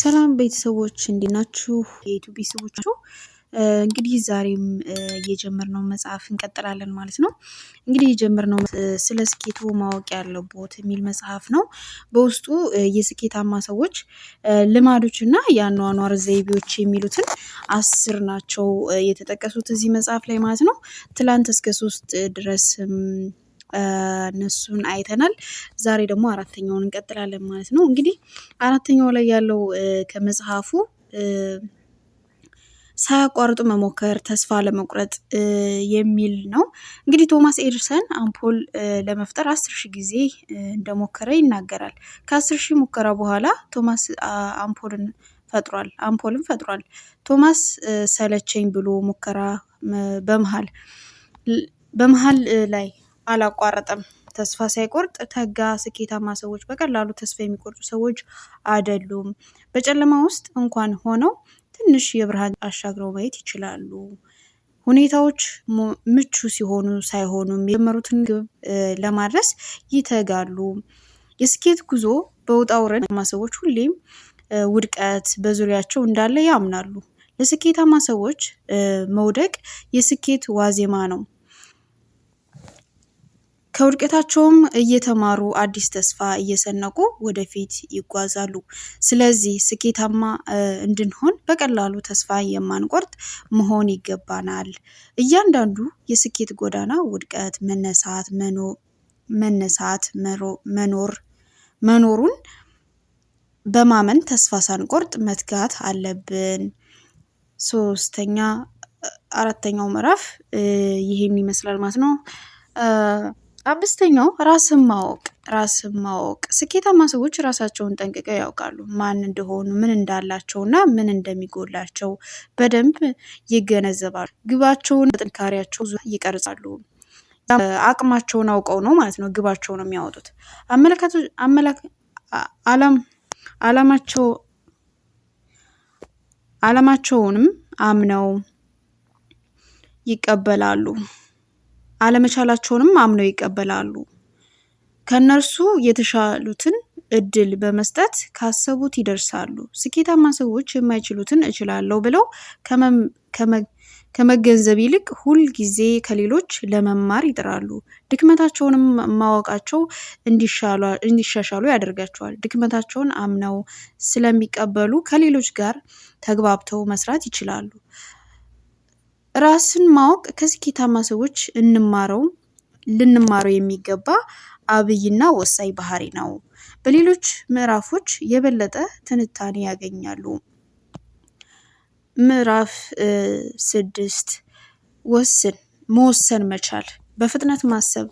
ሰላም ቤተሰቦች እንዴት ናችሁ? የዩቱብ ቤተሰቦች ናቸው። እንግዲህ ዛሬም የጀመርነው መጽሐፍ እንቀጥላለን ማለት ነው። እንግዲህ የጀመርነው ስለ ስኬቱ ማወቅ ያለቦት የሚል መጽሐፍ ነው። በውስጡ የስኬታማ ሰዎች ልማዶች እና የአኗኗር ዘይቤዎች የሚሉትን አስር ናቸው የተጠቀሱት እዚህ መጽሐፍ ላይ ማለት ነው። ትላንት እስከ ሶስት ድረስ እነሱን አይተናል። ዛሬ ደግሞ አራተኛውን እንቀጥላለን ማለት ነው። እንግዲህ አራተኛው ላይ ያለው ከመጽሐፉ ሳያቋርጡ መሞከር ተስፋ ለመቁረጥ የሚል ነው። እንግዲህ ቶማስ ኤዲሰን አምፖል ለመፍጠር አስር ሺህ ጊዜ እንደሞከረ ይናገራል። ከአስር ሺህ ሙከራ በኋላ ቶማስ አምፖልን ፈጥሯል አምፖልን ፈጥሯል። ቶማስ ሰለቸኝ ብሎ ሙከራ በመሀል በመሀል ላይ አላቋረጠም። ተስፋ ሳይቆርጥ ተጋ። ስኬታማ ሰዎች በቀላሉ ተስፋ የሚቆርጡ ሰዎች አይደሉም። በጨለማ ውስጥ እንኳን ሆነው ትንሽ የብርሃን አሻግረው ማየት ይችላሉ። ሁኔታዎች ምቹ ሲሆኑ ሳይሆኑ የጀመሩትን ግብ ለማድረስ ይተጋሉ። የስኬት ጉዞ በውጣ ውረድ ሰዎች ሁሌም ውድቀት በዙሪያቸው እንዳለ ያምናሉ። ለስኬታማ ሰዎች መውደቅ የስኬት ዋዜማ ነው። ከውድቀታቸውም እየተማሩ አዲስ ተስፋ እየሰነቁ ወደፊት ይጓዛሉ። ስለዚህ ስኬታማ እንድንሆን በቀላሉ ተስፋ የማንቆርጥ መሆን ይገባናል። እያንዳንዱ የስኬት ጎዳና ውድቀት፣ መነሳት፣ መነሳት መኖር መኖሩን በማመን ተስፋ ሳንቆርጥ መትጋት አለብን። ሶስተኛ አራተኛው ምዕራፍ ይሄን ይመስላል ማለት ነው። አምስተኛው ራስን ማወቅ ራስን ማወቅ ስኬታማ ሰዎች ራሳቸውን ጠንቅቀው ያውቃሉ። ማን እንደሆኑ፣ ምን እና ምን እንደሚጎላቸው በደንብ ይገነዘባሉ። ግባቸውን በጥንካሬያቸው ይቀርጻሉ። አቅማቸውን አውቀው ነው ማለት ነው ግባቸው ነው የሚያወጡት። አላማቸውንም አምነው ይቀበላሉ። አለመቻላቸውንም አምነው ይቀበላሉ። ከእነርሱ የተሻሉትን እድል በመስጠት ካሰቡት ይደርሳሉ። ስኬታማ ሰዎች የማይችሉትን እችላለሁ ብለው ከመገንዘብ ይልቅ ሁል ጊዜ ከሌሎች ለመማር ይጥራሉ። ድክመታቸውንም ማወቃቸው እንዲሻሻሉ ያደርጋቸዋል። ድክመታቸውን አምነው ስለሚቀበሉ ከሌሎች ጋር ተግባብተው መስራት ይችላሉ። ራስን ማወቅ ከስኬታማ ሰዎች እንማረው ልንማረው የሚገባ አብይና ወሳኝ ባህሪ ነው። በሌሎች ምዕራፎች የበለጠ ትንታኔ ያገኛሉ። ምዕራፍ ስድስት ወስን መወሰን መቻል፣ በፍጥነት ማሰብ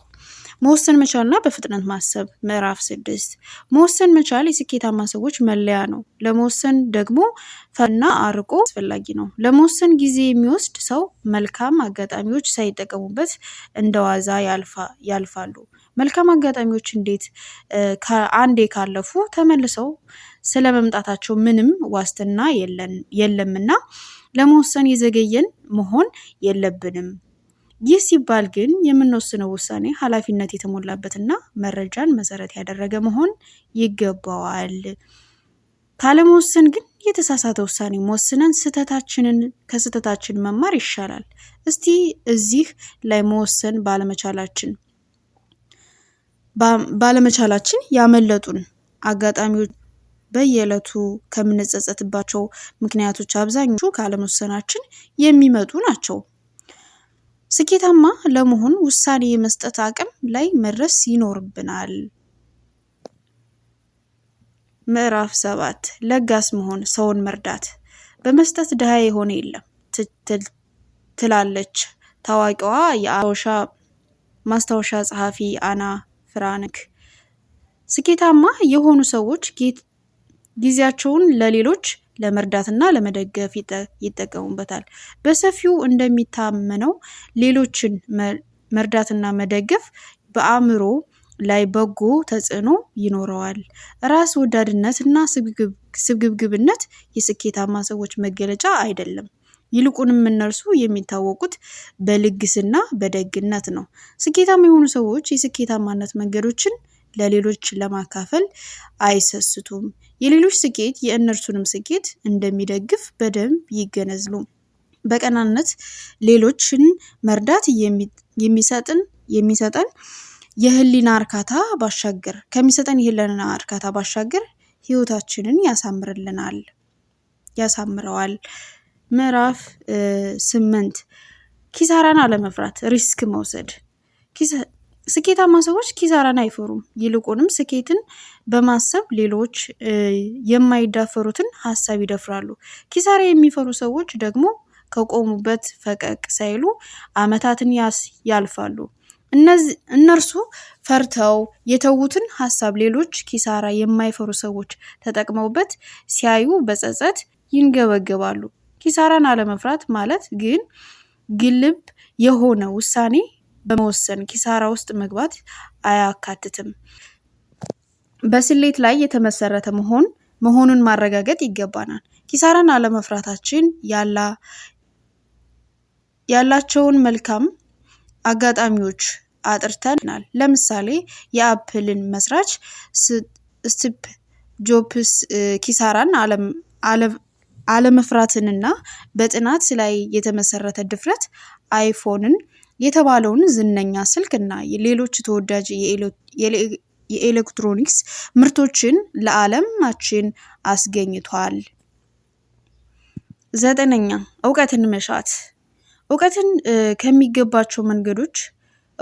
መወሰን መቻልና በፍጥነት ማሰብ ምዕራፍ ስድስት መወሰን መቻል የስኬታማ ሰዎች መለያ ነው። ለመወሰን ደግሞ ፈና አርቆ አስፈላጊ ነው። ለመወሰን ጊዜ የሚወስድ ሰው መልካም አጋጣሚዎች ሳይጠቀሙበት እንደዋዛ ያልፋሉ። መልካም አጋጣሚዎች እንዴት አንዴ ካለፉ ተመልሰው ስለ መምጣታቸው ምንም ዋስትና የለምና ለመወሰን የዘገየን መሆን የለብንም። ይህ ሲባል ግን የምንወስነው ውሳኔ ኃላፊነት የተሞላበትና መረጃን መሰረት ያደረገ መሆን ይገባዋል። ካለመወሰን ግን የተሳሳተ ውሳኔ መወስነን ስህተታችንን ከስህተታችን መማር ይሻላል። እስቲ እዚህ ላይ መወሰን ባለመቻላችን ባለመቻላችን ያመለጡን አጋጣሚዎች በየዕለቱ ከምንጸጸትባቸው ምክንያቶች አብዛኞቹ ካለመወሰናችን የሚመጡ ናቸው። ስኬታማ ለመሆን ውሳኔ የመስጠት አቅም ላይ መድረስ ይኖርብናል። ምዕራፍ ሰባት ለጋስ መሆን ሰውን መርዳት። በመስጠት ድሃ የሆነ የለም ትላለች ታዋቂዋ የአሻ ማስታወሻ ጸሐፊ አና ፍራንክ። ስኬታማ የሆኑ ሰዎች ጊዜያቸውን ለሌሎች ለመርዳትና ለመደገፍ ይጠቀሙበታል። በሰፊው እንደሚታመነው ሌሎችን መርዳትና መደገፍ በአእምሮ ላይ በጎ ተጽዕኖ ይኖረዋል። ራስ ወዳድነት እና ስግብግብነት የስኬታማ ሰዎች መገለጫ አይደለም። ይልቁንም እነርሱ የሚታወቁት በልግስና በደግነት ነው። ስኬታማ የሆኑ ሰዎች የስኬታማነት መንገዶችን ለሌሎች ለማካፈል አይሰስቱም። የሌሎች ስኬት የእነርሱንም ስኬት እንደሚደግፍ በደንብ ይገነዝሉ። በቀናነት ሌሎችን መርዳት የሚሰጥን የሚሰጠን የህሊና እርካታ ባሻገር ከሚሰጠን የህሊና እርካታ ባሻገር ህይወታችንን ያሳምርልናል ያሳምረዋል። ምዕራፍ ስምንት ኪሳራን አለመፍራት ሪስክ መውሰድ ስኬታማ ሰዎች ኪሳራን አይፈሩም። ይልቁንም ስኬትን በማሰብ ሌሎች የማይዳፈሩትን ሀሳብ ይደፍራሉ። ኪሳራ የሚፈሩ ሰዎች ደግሞ ከቆሙበት ፈቀቅ ሳይሉ ያስ ያልፋሉ። እነርሱ ፈርተው የተዉትን ሀሳብ ሌሎች ኪሳራ የማይፈሩ ሰዎች ተጠቅመውበት ሲያዩ በጸጸት ይንገበገባሉ። ኪሳራን አለመፍራት ማለት ግን ግልብ የሆነ ውሳኔ በመወሰን ኪሳራ ውስጥ መግባት አያካትትም። በስሌት ላይ የተመሰረተ መሆን መሆኑን ማረጋገጥ ይገባናል። ኪሳራን አለመፍራታችን ያላቸውን መልካም አጋጣሚዎች አጥርተናል። ለምሳሌ የአፕልን መስራች ስቲቭ ጆብስ ኪሳራን አለመፍራትንና በጥናት ላይ የተመሰረተ ድፍረት አይፎንን የተባለውን ዝነኛ ስልክ እና ሌሎች ተወዳጅ የኤሌክትሮኒክስ ምርቶችን ለዓለማችን አስገኝቷል። ዘጠነኛ እውቀትን መሻት እውቀትን ከሚገባቸው መንገዶች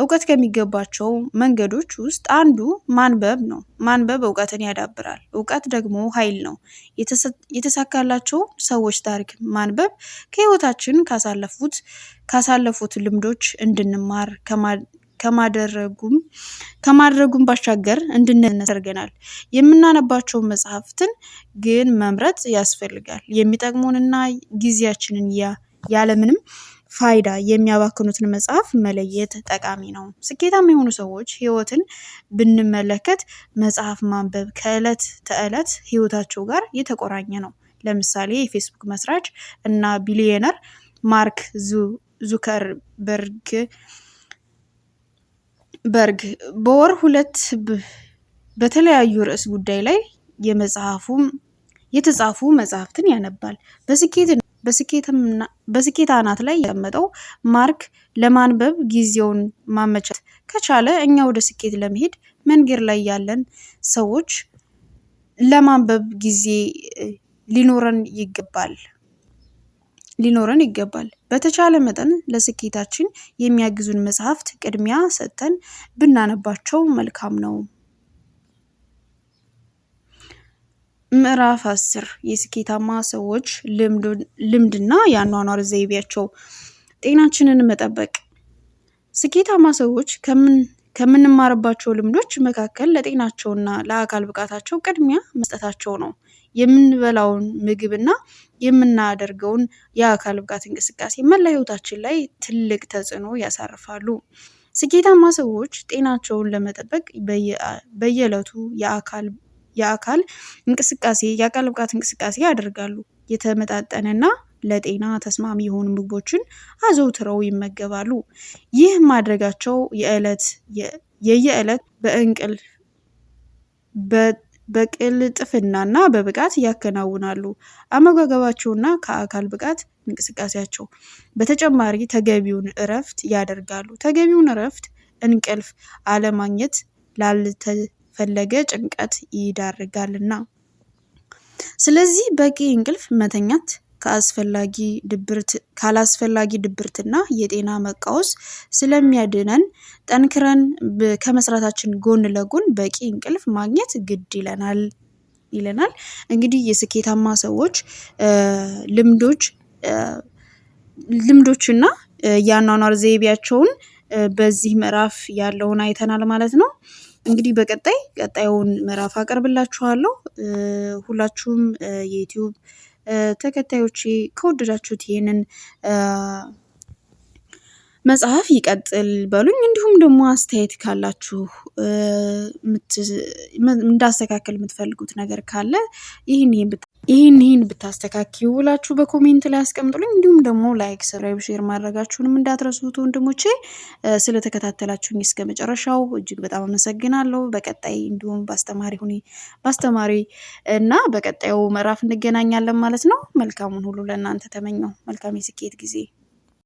እውቀት ከሚገባቸው መንገዶች ውስጥ አንዱ ማንበብ ነው። ማንበብ እውቀትን ያዳብራል። እውቀት ደግሞ ኃይል ነው። የተሳካላቸው ሰዎች ታሪክ ማንበብ ከህይወታችን ካሳለፉት ካሳለፉት ልምዶች እንድንማር ከማደረጉም ከማድረጉም ባሻገር እንድንነሰርገናል የምናነባቸው መጽሐፍትን ግን መምረጥ ያስፈልጋል። የሚጠቅሙንና ጊዜያችንን ያለምንም ፋይዳ የሚያባክኑትን መጽሐፍ መለየት ጠቃሚ ነው። ስኬታማ የሆኑ ሰዎች ህይወትን ብንመለከት መጽሐፍ ማንበብ ከዕለት ተዕለት ህይወታቸው ጋር የተቆራኘ ነው። ለምሳሌ የፌስቡክ መስራች እና ቢሊዮነር ማርክ ዙከርበርግ በርግ በወር ሁለት በተለያዩ ርዕስ ጉዳይ ላይ የመጽሐፉ የተጻፉ መጽሐፍትን ያነባል። በስኬት በስኬት አናት ላይ የተቀመጠው ማርክ ለማንበብ ጊዜውን ማመቻት ከቻለ እኛ ወደ ስኬት ለመሄድ መንገድ ላይ ያለን ሰዎች ለማንበብ ጊዜ ሊኖረን ይገባል ሊኖረን ይገባል። በተቻለ መጠን ለስኬታችን የሚያግዙን መጽሐፍት ቅድሚያ ሰጥተን ብናነባቸው መልካም ነው። ምዕራፍ አስር የስኬታማ ሰዎች ልምድና የአኗኗር ዘይቤያቸው ጤናችንን መጠበቅ። ስኬታማ ሰዎች ከምንማርባቸው ልምዶች መካከል ለጤናቸውና ለአካል ብቃታቸው ቅድሚያ መስጠታቸው ነው። የምንበላውን ምግብና የምናደርገውን የአካል ብቃት እንቅስቃሴ መላ ሕይወታችን ላይ ትልቅ ተጽዕኖ ያሳርፋሉ። ስኬታማ ሰዎች ጤናቸውን ለመጠበቅ በየዕለቱ የአካል የአካል እንቅስቃሴ የአካል ብቃት እንቅስቃሴ ያደርጋሉ። የተመጣጠነና ለጤና ተስማሚ የሆኑ ምግቦችን አዘውትረው ይመገባሉ። ይህ ማድረጋቸው የዕለት የየዕለት በእንቅልፍ በቅልጥፍናና በብቃት ያከናውናሉ። አመጋገባቸውና ከአካል ብቃት እንቅስቃሴያቸው በተጨማሪ ተገቢውን እረፍት ያደርጋሉ። ተገቢውን እረፍት እንቅልፍ አለማግኘት ላልተ ካልፈለገ ጭንቀት ይዳርጋልና። ስለዚህ በቂ እንቅልፍ መተኛት ከአስፈላጊ ድብርት ካላስፈላጊ ድብርትና የጤና መቃወስ ስለሚያድነን ጠንክረን ከመስራታችን ጎን ለጎን በቂ እንቅልፍ ማግኘት ግድ ይለናል ይለናል። እንግዲህ የስኬታማ ሰዎች ልምዶች ልምዶችና የአኗኗር ዘይቤያቸውን በዚህ ምዕራፍ ያለውን አይተናል ማለት ነው። እንግዲህ በቀጣይ ቀጣዩን ምዕራፍ አቀርብላችኋለሁ። ሁላችሁም የዩትዩብ ተከታዮች ከወደዳችሁት ይህንን መጽሐፍ ይቀጥል በሉኝ። እንዲሁም ደግሞ አስተያየት ካላችሁ እንዳስተካከል የምትፈልጉት ነገር ካለ ይህን ይህን ይህን ይህን ብታስተካኪ ውላችሁ በኮሜንት ላይ አስቀምጡልኝ። እንዲሁም ደግሞ ላይክ፣ ሰብስክራይብ፣ ሼር ማድረጋችሁንም እንዳትረሱት ወንድሞቼ። ስለተከታተላችሁኝ እስከ መጨረሻው እጅግ በጣም አመሰግናለሁ። በቀጣይ እንዲሁም በአስተማሪ ሁኔ በአስተማሪ እና በቀጣዩ ምዕራፍ እንገናኛለን ማለት ነው። መልካሙን ሁሉ ለእናንተ ተመኘው። መልካም የስኬት ጊዜ